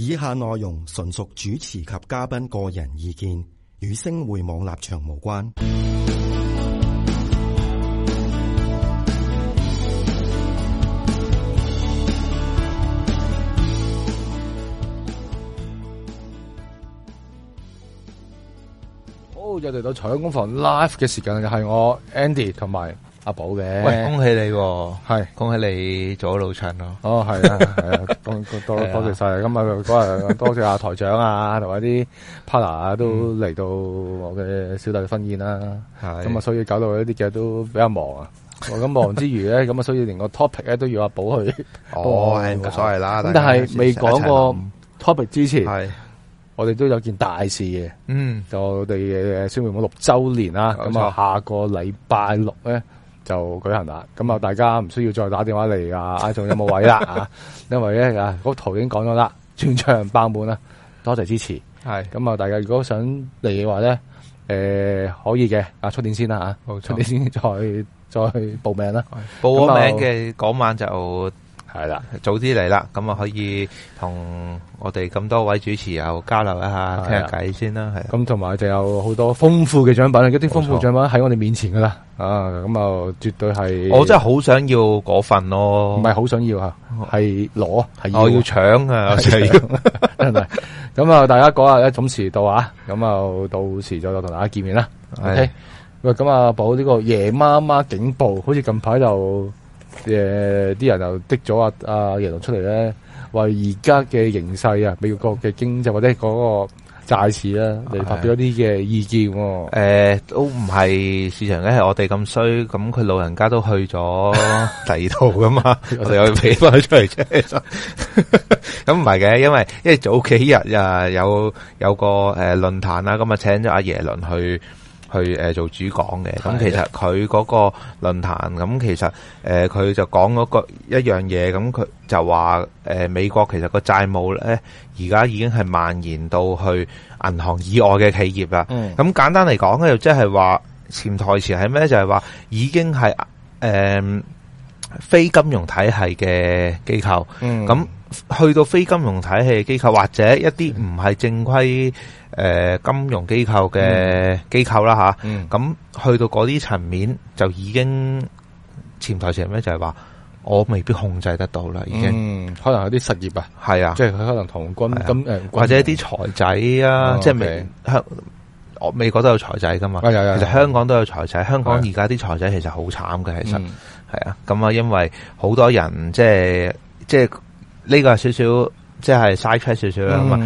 以下內容純屬主持及嘉賓個人意見，與星匯網立場無關。好，又嚟到財金工房 Live 嘅時間，就係我 Andy 同埋。阿寶嘅，喂，恭喜你，係恭喜你做咗老襯咯。哦，係啊，係啊，多多謝晒。今日嗰日多謝阿台長啊，同埋啲 partner 啊，都嚟到我嘅小弟婚宴啦。係咁啊，所以搞到呢啲嘅都比較忙啊。咁忙之餘咧，咁啊，所以連個 topic 咧都要阿寶去。哦，冇所謂啦。咁但係未講過 topic 之前，係我哋都有件大事嘅。嗯，就我哋嘅宣布我六周年啦。咁啊，下個禮拜六咧，就舉行啦，咁啊，大家唔需要再打電話嚟 啊！仲有冇位啦？因為咧啊，嗰圖已經講咗啦，全場爆滿啦，多謝支持。係是，咁啊，大家如果想嚟嘅話咧，誒、呃，可以嘅，啊，出年先啦、啊，吓錯，出年先再再報名啦，報名嘅嗰晚就。係啦，早啲嚟啦，咁啊，可以同我哋咁多位主持又交流一下，傾下偈先啦。係，咁同埋就有好多豐富嘅獎品，一啲豐富獎品喺我哋面前噶啦。錯啊，咁啊，絕對係，我真係好想要嗰份咯，唔係好想要呀，係攞，係要搶啊，係要，咁啊， 大家嗰日一陣時到啊，咁啊，到時再就同大家見面啦。喂的，咁啊，寶呢個耶媽媽警報，好似近排就。誒，啲、呃、人又滴咗阿阿耶倫出嚟咧，話而家嘅形勢啊，美國嘅經濟或者嗰個債市啦，嚟、啊、發表啲嘅意見、啊啊。誒、呃，都唔係市場咧，係我哋咁衰，咁佢老人家都去咗第二度噶嘛， 我哋又俾翻佢出嚟啫。咁唔係嘅，因為因為早幾日啊，有有個誒論壇啦，咁、呃、啊請咗阿耶倫去。去做主講嘅，咁其實佢嗰個論壇，咁其實誒佢、呃、就講嗰個一樣嘢，咁佢就話、呃、美國其實個債務咧，而家已經係蔓延到去銀行以外嘅企業啦。咁、嗯、簡單嚟講咧，又即係話潛台詞係咩？就係、是、話、就是、已經係、呃、非金融體系嘅機構。咁、嗯。去到非金融體系機構，或者一啲唔係正規誒、呃、金融機構嘅機構啦吓，咁、嗯嗯、去到嗰啲層面就已經潛台詞咩？就係、是、話我未必控制得到啦，已經、嗯、可能有啲失業啊，係啊，即係佢可能同軍咁，啊呃、或者一啲財仔啊，即係美香，okay 美國都有財仔噶嘛，哎、呀呀其實香港都有財仔，香港而家啲財仔其實好慘嘅，嗯、其實係啊，咁啊，因為好多人即係即係。呢個係少少，即係嘥出少少啊嘛，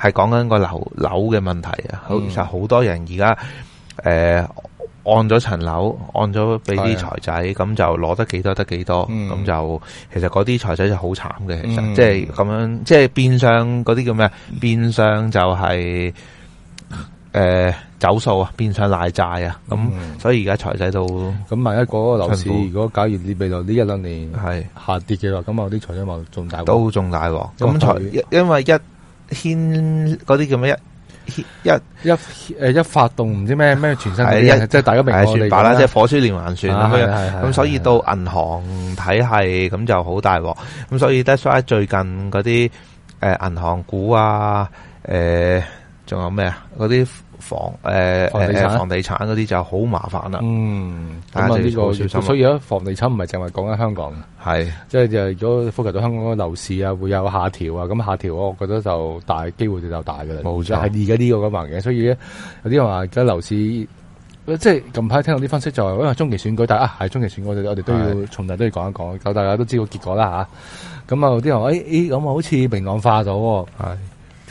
係講緊個樓嘅問題啊，嗯、其實好多人而家誒按咗層樓，按咗俾啲財仔，咁是的 就攞得幾多得幾多，咁、嗯、就其實嗰啲財仔就好慘嘅，其實即係咁樣，即係變相嗰啲叫咩啊？變相就係、是。誒，走數啊，變相賴債啊，咁所以而家財仔都咁，萬一嗰個樓市如果假如你未來呢一兩年係下跌嘅話，咁我啲財仔仲大都仲大，咁財，因為一牽嗰啲叫咩，一牽一一誒一發動唔知咩咩全身係，即係大家明白啦，即係火燒連環船，咁所以到銀行體系，咁就好大鑊，咁所以得晒，最近嗰啲誒銀行股啊，誒。仲有咩啊？嗰啲房誒，呃、房地產、啊、房地產嗰啲就好麻煩啦。嗯，但係呢個，啊、所以咧，房地產唔係淨係講緊香港嘅，係即係就係如果涉及到香港嘅樓市啊，會有下調啊，咁下調，我覺得就大機會就大嘅啦。冇錯錯，係而家呢個嘅環境。所以有啲人話而家樓市，即、就、係、是、近排聽到啲分析就因為中期選舉，但係啊係中期選舉，我哋都要從頭都要講一講，等是大家都知道結果啦吓。咁啊，那有啲人話誒，咦、哎，咁、哎、啊，好似明朗化咗係。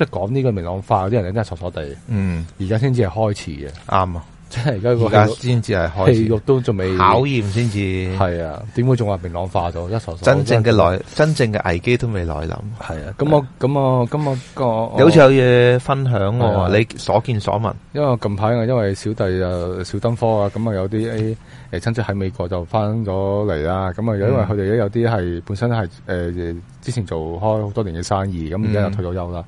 即係講呢個明朗化，嗰啲人真係傻傻哋。嗯，而家先至係開始嘅。啱啊、嗯。.即係而家，而家先至係開始，都仲未考驗，先至係啊。點會仲話明朗化咗？一索真正嘅來，真正嘅危機都未來臨，諗係啊。咁、啊啊、我咁我咁我個，我我你好似有嘢分享喎、啊，啊、你所見所聞，因為近排啊，因為小弟啊，小登科啊，咁啊有啲誒親戚喺美國就翻咗嚟啦。咁啊，因為佢哋有啲係本身係誒之前做開好多年嘅生意，咁而家又退咗休啦。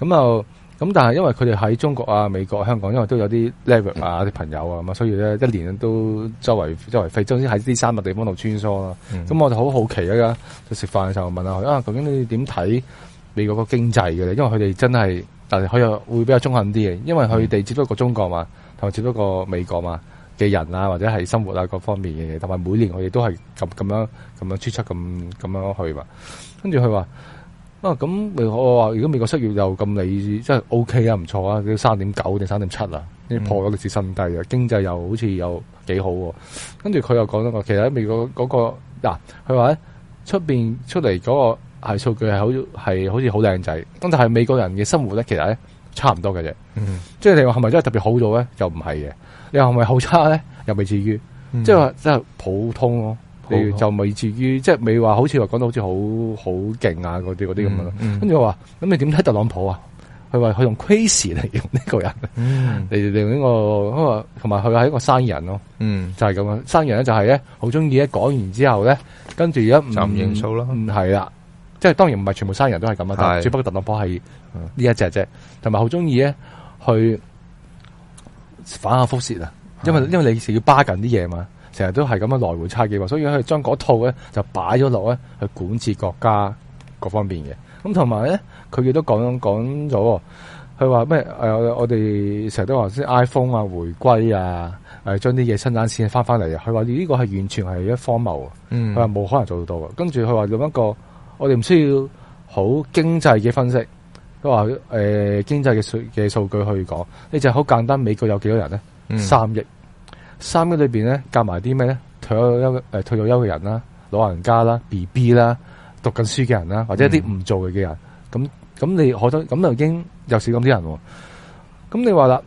咁、嗯、又。咁但係因為佢哋喺中國啊、美國、香港，因為都有啲 level 啊啲朋友啊咁，所以咧一年都周圍周圍飛，總之喺啲三個地方度穿梭啦。咁、嗯、我就好好奇啊，而就食飯嘅時候問下佢啊，究竟你點睇美國個經濟嘅咧？因為佢哋真係，但係佢又會比較中肯啲嘅，因為佢哋接觸過中國嘛，同埋接觸過美國嘛嘅人啊，或者係生活啊各方面嘅嘢，同埋每年我哋都係咁咁樣咁樣出出咁咁樣去嘛。跟住佢話。啊，咁、嗯、美我話如果美國失業又咁理智，真係 O K 啊，唔錯啊，佢三點九定三點七啊，破咗歷史新低濟啊，經濟又好似又幾好，跟住佢又講咗個，其實美國嗰、那個，嗱、啊，佢話咧出邊出嚟嗰個係數據係好係好似好靚仔，但係美國人嘅生活咧，其實咧差唔多嘅啫，即係你話係咪真係特別好咗咧？又唔係嘅，你話係咪好差咧？又未至於，即係話真係普通咯。你就未至於，即係未話好似話講到好似好好勁啊，嗰啲嗰啲咁樣咯。跟住、嗯嗯、我話，咁你點睇特朗普啊？佢話佢用 crazy 嚟用呢個人，嚟令呢個同埋佢係一個生人咯。嗯，就係咁樣，生人咧就係咧好中意咧講完之後咧，跟住而家就唔認數咯。係啦，即係當然唔係全部生人都係咁啊，的但係只不過特朗普係呢一隻啫，同埋好中意咧去反下輻射啊，因為因為你要巴緊啲嘢嘛。成日都係咁樣來回差幾萬，所以佢將嗰套咧就擺咗落咧去管治國家各方面嘅。咁同埋咧，佢亦都講講咗，佢話咩誒，我哋成日都話啲 iPhone 啊回歸啊，誒、啊，將啲嘢生產線翻翻嚟啊。佢話呢個係完全係一荒謬，佢話冇可能做到嘅。跟住佢話做一個，我哋唔需要好經濟嘅分析，佢話誒經濟嘅數嘅數據去講，呢就好簡單。美國有幾多人咧？三億、嗯。三個裏邊咧，夾埋啲咩咧？退咗休誒、呃，退咗休嘅人啦，老人家啦，B B 啦，BB, 讀緊書嘅人啦，或者一啲唔做嘅嘅人，咁咁、嗯、你可多咁就已經又少咁啲人喎。咁你話啦，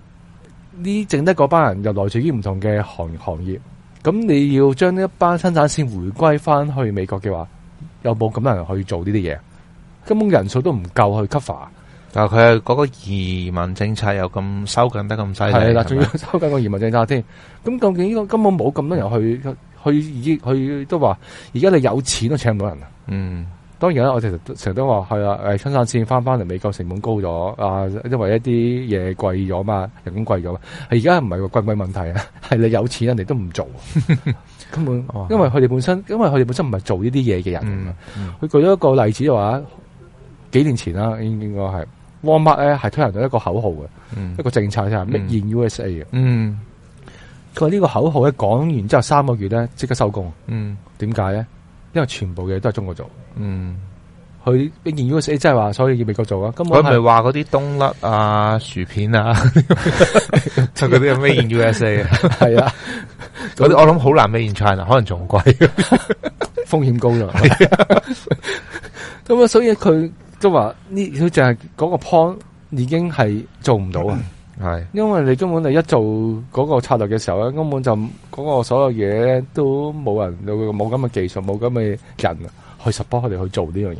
呢剩得嗰班人又來自於唔同嘅行行業，咁你要將呢一班生產線回歸翻去美國嘅話，有冇咁多人去做呢啲嘢？根本人數都唔夠去 cover。就佢係嗰個移民政策又咁收緊得咁犀利，係啦的，仲嗎要收緊個移民政策添。咁究竟呢個根本冇咁多人去去去，去都話而家你有錢都請唔到人啊。嗯，當然啦，我哋成日都話係啦，誒，春山線翻翻嚟，美國成本高咗啊，因為一啲嘢貴咗嘛，人工貴咗。係而家唔係話貴唔貴問題啊，係你有錢，人哋都唔做。嗯、根本、哦、因為佢哋本身，因為佢哋本身唔係做呢啲嘢嘅人。佢、嗯嗯、舉咗一個例子話，幾年前啦，應該係。沃默咧係推行到一個口號嘅，一個政策就係 m a d e in USA 嘅。嗯，佢話呢個口號咧講完之後三個月咧即刻收工。嗯，點解咧？因為全部嘢都係中國做。嗯，佢 m a d e in USA 即係話所以要美國做啊。根本係話嗰啲冬甩啊、薯片啊，就嗰啲咩 m a d e in USA 嘅，係啊。啲我諗好難 m a d e in China，可能仲貴，風險高咗。咁啊，所以佢。都話呢，佢就係嗰個 point 已經係做唔到啊，係，是的 因為你根本你一做嗰個策略嘅時候咧，根本就嗰個所有嘢都冇人，冇咁嘅技術，冇咁嘅人去 support 佢哋去做呢樣嘢，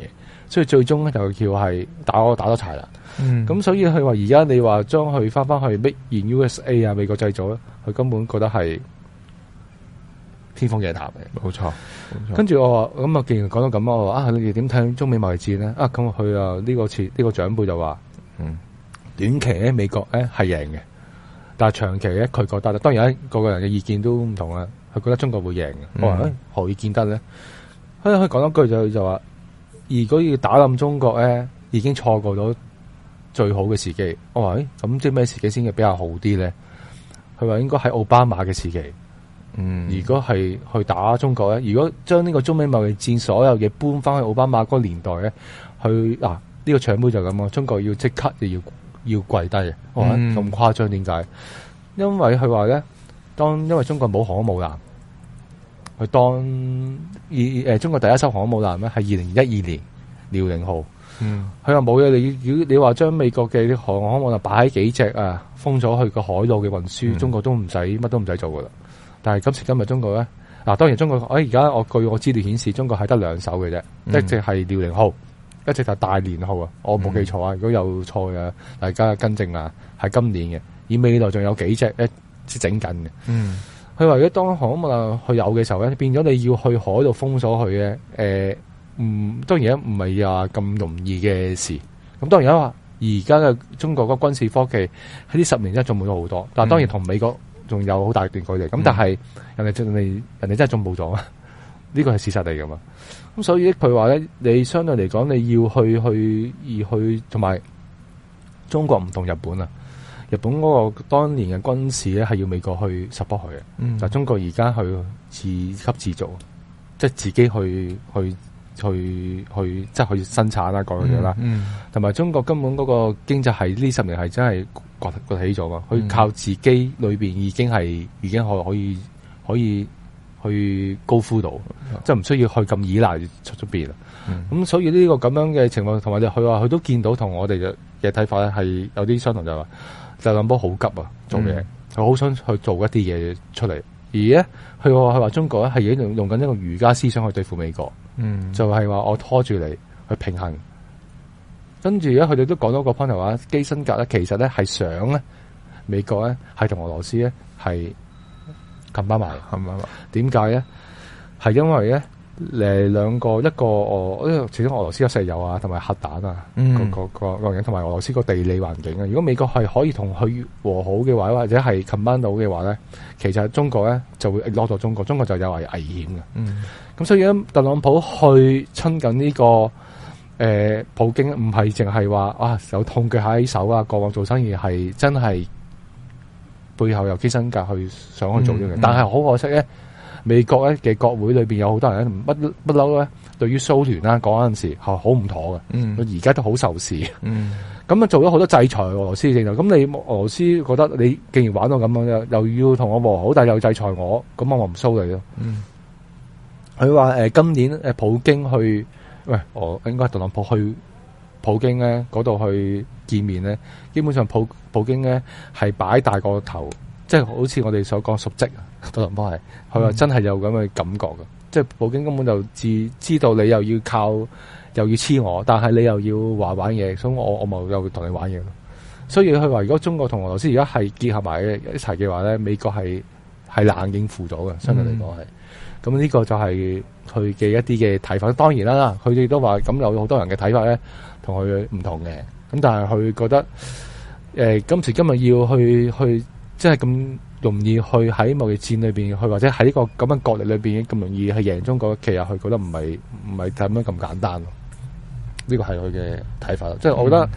所以最終咧就叫係打多打都柴啦，咁、嗯、所以佢話而家你話將佢翻翻去 make in USA 啊，美國製造咧，佢根本覺得係。天方夜譚嘅，冇錯，錯跟住我話咁啊，既然講到咁，我話啊，你哋點睇中美貿易戰咧？啊，咁佢啊呢個次呢、呢個長輩就話，嗯，短期咧美國誒係贏嘅，但係長期咧佢覺得，當然咧個個人嘅意見都唔同啦。佢覺得中國會贏。我話、嗯哎、何可以見得咧？佢可以講一句就就話，如果要打冧中國咧，已經錯過咗最好嘅時機。我話咁即係咩時機先係比較好啲咧？佢話應該喺奧巴馬嘅時期。嗯，如果係去打中國咧，如果將呢個中美貿易戰所有嘢搬翻去奧巴馬嗰個年代咧，去嗱呢、啊這個場杯就咁啊。中國要即刻就要要跪低，咁誇張點解？因為佢話咧，當因為中國冇航空母艦，佢當二誒、呃、中國第一艘航空母艦咩？係二零一二年遼寧號。佢話冇嘢，你如果你話將美國嘅航空母艦擺喺幾隻啊，封咗佢個海路嘅運輸，嗯、中國都唔使乜都唔使做噶啦。但係今時今日中國咧，嗱當然中國，哎而家我據我資料顯示，中國係得兩艘嘅啫，嗯、一隻係遼寧號，一隻就大連號啊！我冇記錯啊，嗯、如果有錯嘅，大家更正啊。係今年嘅，而未來仲有幾隻咧，整緊嘅。嗯，佢話如果當航母去有嘅時候咧，變咗你要去海度封鎖佢嘅，誒，嗯，當然唔係話咁容易嘅事。咁當然而家話，而家嘅中國嘅軍事科技喺呢十年咧，仲進步咗好多。但係當然同美國、嗯。仲有好大段距離，咁但係人哋、嗯、真係人哋真係進步咗啊！呢個係事實嚟噶嘛。咁所以佢話咧，你相對嚟講，你要去去而去，同埋中國唔同日本啊！日本嗰個當年嘅軍事咧，係要美國去 support 佢嘅，嗯、但中國而家去自給自足，即係自己去去去去，即係去生產啦，各樣嘢啦。同埋、嗯嗯、中國根本嗰個經濟係呢十年係真係。崛起咗嘛，佢靠自己裏邊已經係，嗯、已經可以可以可以去高呼到，即係唔需要去咁依賴出出邊。咁、嗯嗯、所以呢個咁樣嘅情況，同埋佢話佢都見到，同我哋嘅睇法咧係有啲相同，就係話特朗普好急啊，做嘢，佢好、嗯、想去做一啲嘢出嚟。而咧，佢話佢話中國咧係已經用用緊一個儒家思想去對付美國，嗯、就係話我拖住你去平衡。跟住呢，佢哋都講到個 point 嘅話，基辛格咧，其實咧係想咧美國咧係同俄羅斯咧係冚巴埋，冚巴埋。點解咧？係因為咧兩個一個俄，因為始終俄羅斯有石油啊，同埋核彈啊，個個個環同埋俄羅斯個地理環境啊。如果美國係可以同佢和好嘅話，或者係冚巴到嘅話咧，其實中國咧就會落到中國，中國就有危危險嘅。嗯，咁所以咧，特朗普去親近呢個。誒、呃，普京唔係淨係話啊，有痛腳喺手啊，過往做生意係真係背後有基辛格去想去做呢啲嘢。嗯嗯、但係好可惜咧，美國咧嘅國會裏邊有好多人乜不嬲咧，對於蘇聯啦嗰陣時係好唔妥嘅，嗯，而家都好仇視，嗯，咁啊做咗好多制裁俄羅斯政策，咁你俄羅斯覺得你既然玩到咁樣，又要同我和好，但係又制裁我，咁我唔收你咯，佢話誒今年誒、呃、普京去。喂，我應該特朗普去普京咧嗰度去見面咧，基本上普普京咧係擺大個頭，即係好似我哋所講熟職啊。特朗普係佢話真係有咁嘅感覺嘅，即係普京根本就知知道你又要靠又要黐我，但係你又要話玩嘢，所以我我咪又會同你玩嘢咯。所以佢話如果中國同俄羅斯而家係結合埋一齊嘅話咧，美國係係冷應付咗嘅，相對嚟講係。嗯。咁呢個就係佢嘅一啲嘅睇法。當然啦，佢哋都話咁有好多人嘅睇法咧，同佢唔同嘅。咁但係佢覺得、呃，今時今日要去去，即係咁容易去喺貿易戰裏面去或者喺呢個咁樣角力裏面咁容易去贏中國，其實佢覺得唔係唔係咁樣咁簡單咯。呢個係佢嘅睇法。即係、嗯、我覺得。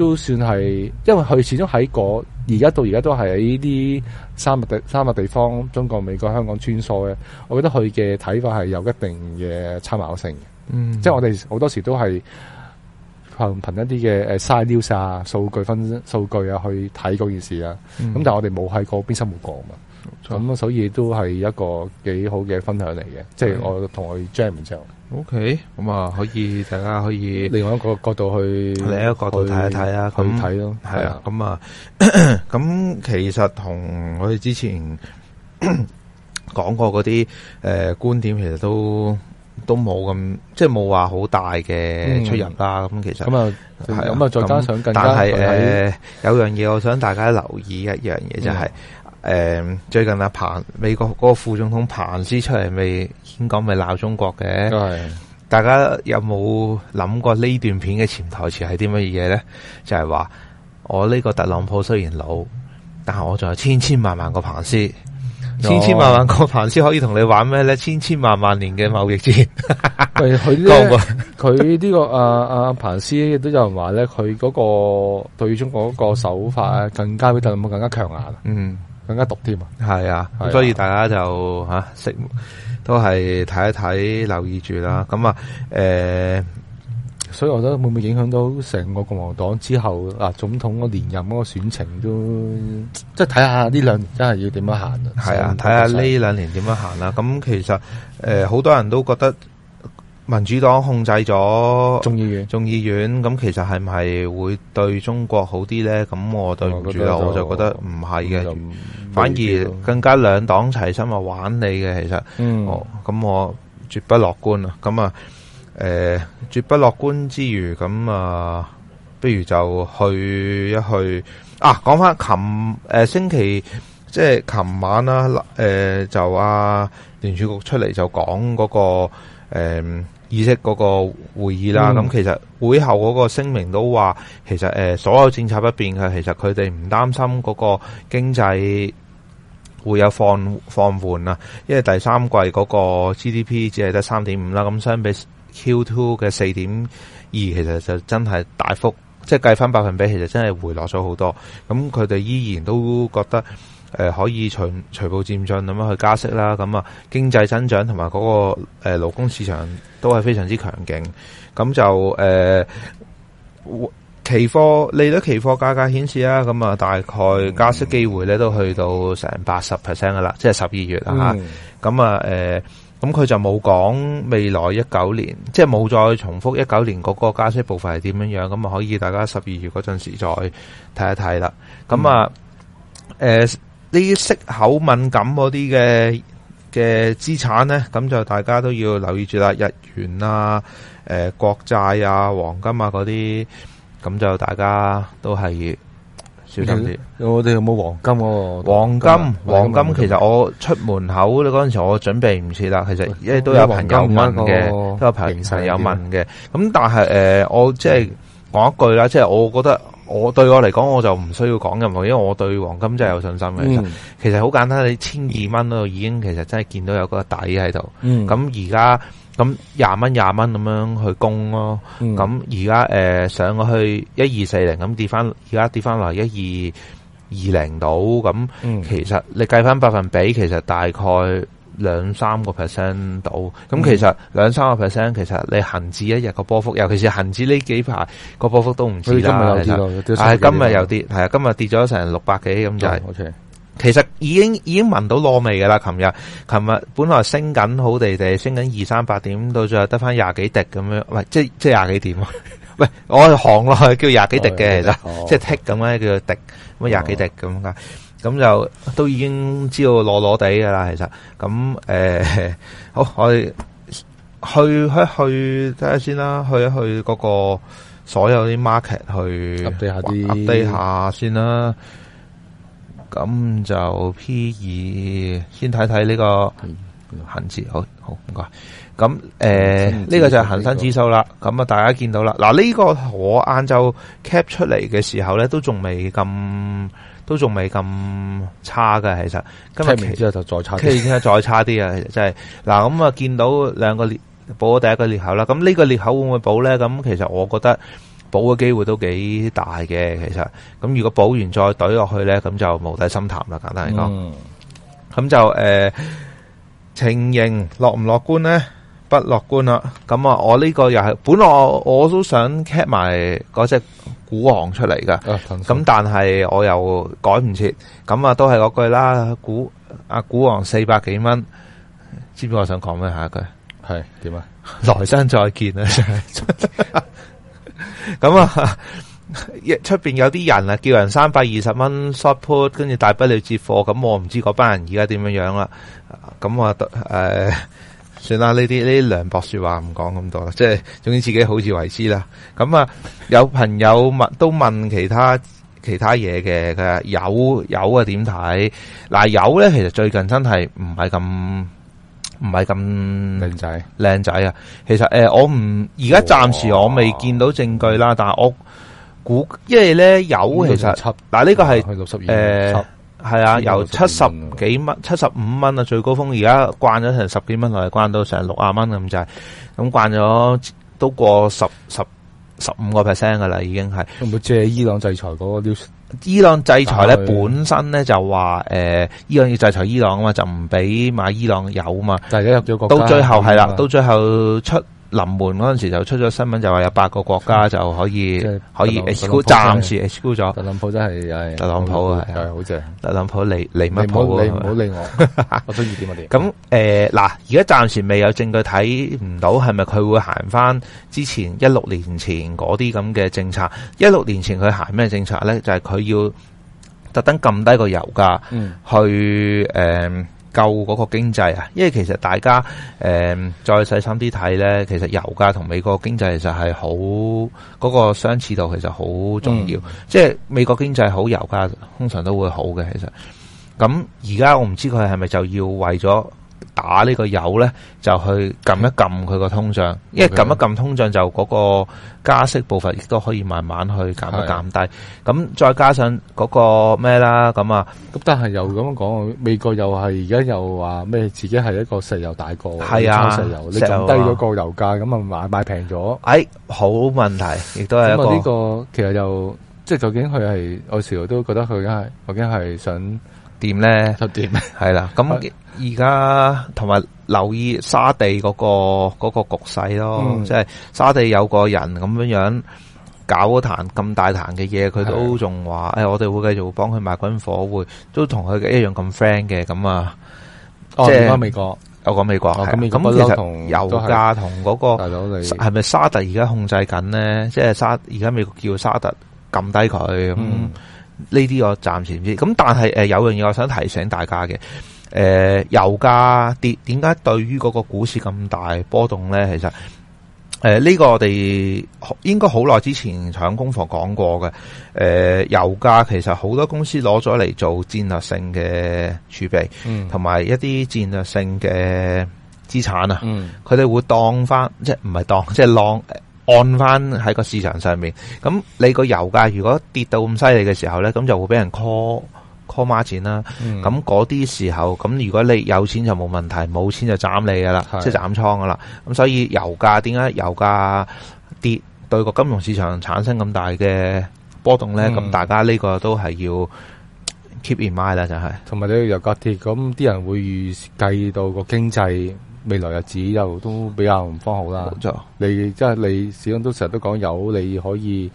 都算係，因為佢始終喺嗰而家到而家都係喺啲三個地三個地方，中國、美國、香港穿梭嘅。我覺得佢嘅睇法係有一定嘅參考性嘅。嗯，即係我哋好多時候都係憑憑一啲嘅誒 side news 啊、數據分數據啊去睇嗰件事啊。咁、嗯、但係我哋冇喺嗰邊生活過啊嘛。咁所以都係一個幾好嘅分享嚟嘅，即係我同佢 jam 唔上。OK，咁啊，可以大家可以另外一個角度去另一個角度睇一睇啊，去睇咯。係啊，咁啊，咁其實同我哋之前講過嗰啲誒觀點，其實都都冇咁，即係冇話好大嘅出入啦。咁其實咁啊，咁啊，再加上更加，但係誒，有樣嘢我想大家留意一樣嘢就係。誒、嗯，最近阿、啊、彭美國嗰個副總統彭斯出嚟，未，先講未鬧中國嘅。係的，大家有冇諗過呢段片嘅潛台詞係啲乜嘢咧？就係、是、話我呢個特朗普雖然老，但係我仲有千千萬萬個彭斯，千千萬萬個彭斯可以同你玩咩咧？千千萬萬年嘅貿易戰。佢 咧，佢呢、這個阿阿、啊、彭斯亦都有人話咧，佢嗰個對中國嗰個手法啊，更加比特朗普更加強硬。嗯。更加毒添啊！係啊，所以大家就吓、啊啊、食都係睇一睇，留意住啦。咁啊、嗯，誒，呃、所以我覺得會唔會影響到成個共和黨之後啊，總統個連任嗰個選情都？嗯、即係睇下呢兩年真係要點樣行啊！係啊，睇下呢兩年點樣行啦。咁其實誒，好、呃、多人都覺得。民主黨控制咗眾議院，眾議院咁其實係唔係會對中國好啲咧？咁我對唔住啦，嗯、那個、我就覺得唔係嘅，反而更加兩黨齊心啊玩你嘅其實，哦咁、嗯、我絕不樂觀啊！咁啊誒，絕不樂觀之餘，咁啊不如就去一去啊！講翻琴誒星期即係琴晚啦，誒、呃、就阿聯儲局出嚟就講嗰、嗰個、呃議息嗰個會議啦，咁其實會後嗰個聲明都話，其實誒、呃、所有政策不變嘅，其實佢哋唔擔心嗰個經濟會有放放緩啊，因為第三季嗰個 GDP 只係得三點五啦，咁相比 Q two 嘅四點二，其實就真係大幅即係、就是、計翻百分比，其實真係回落咗好多。咁佢哋依然都覺得。誒、呃，可以循循步漸進咁樣去加息啦。咁啊，經濟增長同埋嗰個誒勞、呃、工市場都係非常之強勁。咁就誒、呃，期貨利率期貨價顯、啊、期貨價格顯示啦。咁啊，大概加息機會咧都去到成八十 percent 噶啦，即係十二月啦吓。咁啊，誒、嗯啊，咁佢、啊呃、就冇講未來一九年，即係冇再重複一九年嗰個加息步伐係點樣樣。咁啊，可以大家十二月嗰陣時再睇一睇啦。咁、嗯、啊、誒、呃。呢啲息口敏感嗰啲嘅嘅資產咧，咁就大家都要留意住啦，日元啊、誒、呃、國債啊、黃金啊嗰啲，咁就大家都係小心啲。我哋有冇黃，黃，黃金？黃金黃金，其實我出門口嗰陣時，我準備唔切啦。其實亦都有朋友問嘅，都有朋友有問嘅。咁、那個、但係誒、呃，我即係講一句啦，即係我覺得。我對我嚟講，我就唔需要講任何，因為我對黃金真係有信心嘅。嗯、其實，好簡單，你千二蚊咯，已經其實真係見到有個底喺度。咁而家咁廿蚊廿蚊咁樣去供咯、啊。咁而家誒上過去一二四零咁跌翻，而家跌翻落一二二零度。咁其實你計翻百分比，其實大概。兩三個 percent 到，咁其實兩三個 percent 其實你恒指一日個波幅，尤其是恒指呢幾排個波幅都唔止啦。係今日又跌，看跌，係啊，今日跌咗成六百幾咁就係。其實已經已經聞到燶味嘅啦。琴日琴日本來升緊好地地，升緊二三百點，到最後得翻廿幾滴咁樣，唔係即即廿幾點喂，我行落去叫廿幾滴嘅，其實即係剔噉樣叫滴，乜廿幾滴咁噶？咁就都已經知道攞攞地㗎啦，其實咁誒、呃，好，我哋去去睇下先啦，去一去嗰個所有啲 market 去，地下地下先啦。咁就 P 二先睇睇呢個恒指，嗯，好好唔該。咁誒，呢、呃、呢個就係恒生指數啦。咁啊、這個，大家見到啦，嗱呢、這個我晏晝 cap 出嚟嘅時候咧，都仲未咁。都仲未咁差㗎。其實，今日之後就再差，即係已經係再差啲啊！即係嗱，咁啊見到兩個裂補咗第一個裂口啦，咁、這、呢個裂口會唔會補咧？咁其實我覺得補嘅機會都幾大嘅，其實，咁如果補完再懟落去咧，咁就無底深潭啦，簡單嚟講，咁、嗯、就誒、呃，情形樂唔樂觀咧？不樂觀啦，咁、嗯、啊，我呢個又係本來我,我都想 cut 埋嗰隻股王出嚟噶，咁、啊、但係我又改唔切，咁、嗯、啊都係嗰句啦，股阿股王四百幾蚊，知唔知我想講咩？下一句係點啊？來生再見啊！咁啊，出邊有啲人啊，叫人三百二十蚊 short put，跟住大不了接貨，咁、嗯、我唔知嗰班人而家點樣樣啦，咁、嗯、啊，誒、嗯。嗯嗯算啦，呢啲呢啲涼薄說話唔講咁多啦，即係總之自己好自為之啦。咁啊，有朋友問，都問其他其他嘢嘅嘅有有啊點睇？嗱有咧，其實最近真係唔係咁唔係咁靚仔靚仔啊。其實誒、呃，我唔而家暫時我未見到證據啦，哇但係我估，因為咧有，其實嗱呢、啊這個係誒。係啊，由七十幾蚊，七十五蚊啊，最高峰，而家慣咗成十幾蚊落嚟，慣到成六啊蚊咁滯，咁慣咗都過十十十五個 percent 噶啦，已經係。咁咪借伊朗制裁嗰個啲？伊朗制裁咧，本身咧就話誒、呃，伊朗要制裁伊朗啊嘛，就唔俾買伊朗油啊嘛，大家入咗國到最後係啦，到最後出。臨門嗰陣時就出咗新聞，就話有八個國家就可以可以 exclude 暫時 exclude 咗。特朗普真係係，特朗普係，好正。特朗普離離乜譜啊？普普啊你唔好理我， 我中意點就點。咁誒嗱，而家暫時未有證據睇唔到，係咪佢會行翻之前一六年前嗰啲咁嘅政策？一六年前佢行咩政策咧？就係、是、佢要特登撳低個油價，去誒、嗯。呃救嗰個經濟啊，因為其實大家誒、呃、再細心啲睇呢，其實油價同美國經濟其實係好，嗰個相似度其實好重要，嗯、即係美國經濟好，油價通常都會好嘅其實。咁而家我唔知佢係咪就要為咗。打呢個油咧，就去撳一撳佢個通脹，因為撳一撳通脹就嗰個加息步伐亦都可以慢慢去減一減。但係咁的再加上嗰個咩啦，咁啊，咁但係又咁樣講，美國又係而家又話咩？自己係一個石油大國，係的啊，石油你就低咗個油價，咁啊買賣平咗，哎，好問題，亦都係咁啊！呢個其實又即係究竟佢係，有時候都覺得佢係，究竟係想。點咧？點係啦，咁而家同埋留意沙地嗰、嗰個、嗰個局勢咯，嗯、即係沙地有個人咁樣樣搞壇咁大壇嘅嘢，佢都仲話誒，我哋會繼續幫佢賣軍火，會都同佢一樣咁 friend 嘅咁啊。我講、哦、是美，美國，有講美國係。咁、哦、其實油價同嗰、嗰個係咪是沙特而家控制緊咧？你即係沙而家美國叫沙特撳低佢咁。呢啲我暫時唔知，咁但係誒有樣嘢我想提醒大家嘅，誒、呃、油價跌點解對於嗰個股市咁大波動咧？其實誒呢、呃呢個我哋應該好耐之前喺工房講過嘅，誒、呃、油價其實好多公司攞咗嚟做戰略性嘅儲備，同埋、嗯、一啲戰略性嘅資產啊，嗯，佢哋會當翻即係唔係當即係 long。按翻喺個市場上面，咁你個油價如果跌到咁犀利嘅時候咧，咁就會俾人 call call margin 啦。咁嗰啲時候，咁如果你有錢就冇問題，冇錢就斬你噶啦，即係斬倉噶啦。咁所以油價點解油價跌對個金融市場產生咁大嘅波動咧？咁、嗯、大家呢個都係要 keep in mind 啦，嗯、就係、是。同埋你油價跌，咁啲人會預計到個經濟。未來日子又都比較唔方好啦，冇錯。就是、你即係你，始終都成日都講油，你可以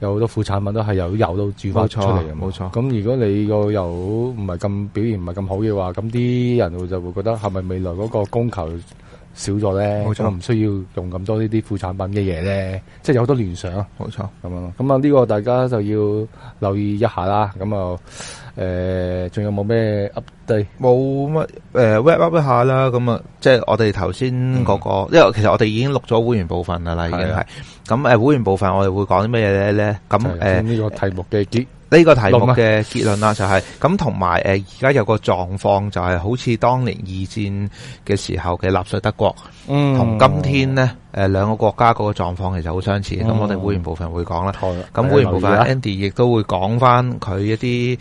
有好多副產品都係由油到煮翻出嚟嘅。冇錯冇錯，咁錯如果你個油唔係咁表現，唔係咁好嘅話，咁啲人就會覺得係咪未來嗰個供求？少咗咧，我，冇錯，唔需要用咁多呢啲副產品嘅嘢咧，即係有好多聯想，冇錯咁樣咯。咁啊，呢個大家就要留意一下啦。咁啊，誒，仲有冇咩 update？冇乜誒，wrap up 一下啦。咁啊，即係我哋頭先嗰個，嗯，因為其實我哋已經錄咗會員部分啦，已經係。咁誒，會員部分我哋會講啲咩咧咧？咁誒，呢個題目嘅，呃，結呢個題目嘅結論啦、就是，就係咁同埋誒，而家有個狀況就係，好似當年二戰嘅時候嘅納粹德國，嗯，同今天呢誒，兩個國家嗰個狀況其實好相似。咁、嗯、我哋會員部分會講啦，咁會員部分 Andy 亦都會講翻佢一啲誒、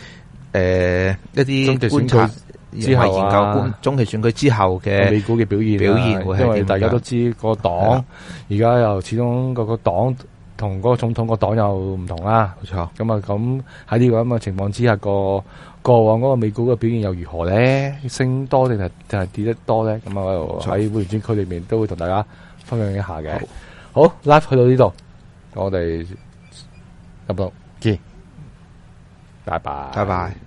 呃、一啲觀察之後研究觀中期選舉之後嘅美股嘅表現表現，因為大家都知道嗰個黨而家又始終嗰個黨。同嗰個總統個黨又唔同啦，冇錯。咁啊，咁喺呢個咁嘅情況之下，個過往嗰個美股嘅表現又如何咧？升多定係定係跌得多咧？咁啊，喺會員專區裏面都會同大家分享一下嘅。好，Live 去到呢度，我哋咁多見，拜拜，拜拜。